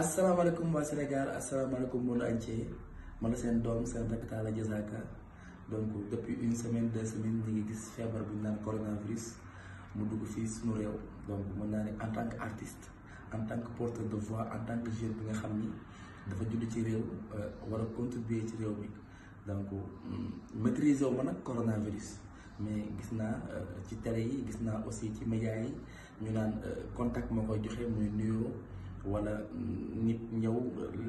asalaamaaleykum waa Sénégal asalaamaaleykum monde entier man la seen doom seen rakk Talla Diazaka donc depuis une semaine de semaines ñu ngi gis feebar bu ñu naan coronavirus mu dugg fii suñu réew donc mën naa ne en tant que artiste en tant que porteur de voix en tant que jeune bi nga xam ni dafa judd ci réew euh, war contribuer ci réew mi donc mm, maîtriser wu ma nag coronavirus mais gis naa euh, ci tere yi gis naa aussi ci médias yi ñu naan euh, contact moo koy joxe muy nuyoo. wala nit ñëw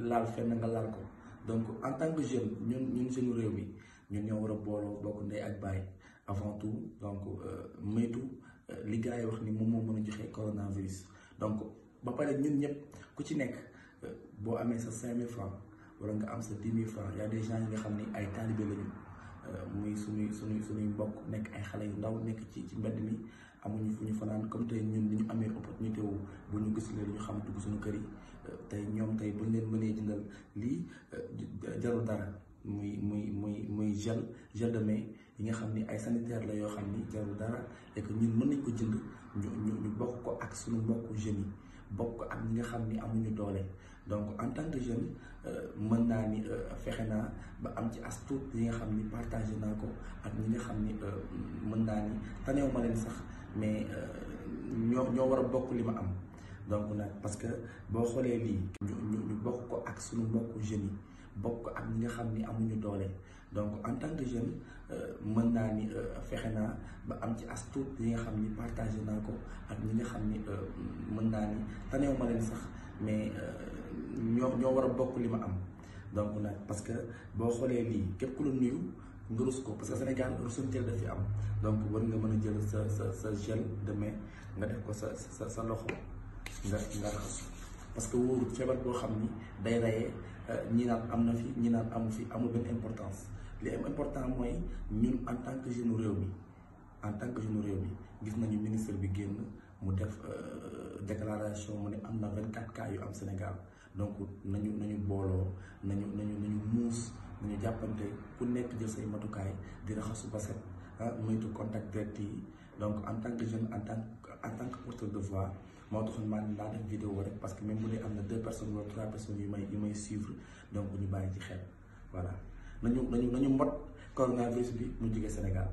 laal fenn nga laal ko donc en tant que jeune ñun ñun suñu réew mi ñun ñëw war a booloo bokk ndey ak baay avant tout donc euh, moytu euh, li gars yi wax ni moom moo mën a joxe coronavirus donc ba pare ñun ñëpp ku ci nekk euh, boo amee sa 5000 francs wala nga am sa 10 000 francs y a des yi nga xam ni ay taalibe lañu. Euh, muy suñuy suñuy suñuy mbokk nekk ay xale yu ndaw nekk ci ci mbedd mi amuñu fu ñu fanaan comme tey ñun ni ñu amee opportunité wu bu ñu gis leen ñu xam dugg suñu kër yi euh, tey ñoom tey buñ leen mënee jëndal lii euh, jarul dara muy muy muy muy gel gel de main yi nga xam ni ay sanitaire la yoo xam ni jarul dara et ñun mën nañ ko jënd ñu ñu ñu bokk ko ak suñu mbokku jeunes yi bokk ak ñi nga xam ni amuñu doole donc en tant que jeune euh, mën naa ni euh, fexe naa ba am ci as tuut nga xam ni partagé naa ko ak ñi nga xam ni euh, mën naa ni taneew ma leen sax mais ñoo ñoo war a bokk li ma am donc nag parce que boo xoolee lii ñu ñu bokk ko ak suñu mbokku jeunes yi bokk ak ñi nga xam ni amuñu doole donc en tant que jeune euh, mën naa ni euh, fexe naa ba am ci as tuut li nga xam ni partagé naa ko ak ñi nga xam ni euh, mën naa ni taneew ma leen sax mais ñoo war a bokk li ma am donc nag parce que boo xoolee lii képp ku la nuyu nga rus ko parce que Sénégal rusanteel daf fi am donc war nga mën a jël sa sa sa gel de main nga def ko sa sa sa loxo nga nga raxasu parce que wóorul feebar boo xam ni day rayee euh, ñi naan am na fi ñi naan amu fi amul benn importance li am important mooy ñun en tant que jeune réew mi en tant que jeune réew mi gis nañu ministre bi génn mu def euh, déclaration mu ne am na 24 cas yu am Sénégal donc nañu nañu booloo nañu nañu nañu muus nañu jàppante ku nekk jël say matukaay di raxasu ba set ah moytu contact direct yi donc en tant que jeune en tant en tant que de voix moo taxoon maa ngi laa def vidéo rek parce que même bu dee am na deux personnes wala trois personnes yu may yu donc ñu bàyyi ci xel voilà nañu nañu nañu mot coronavirus bi mu jóge Sénégal.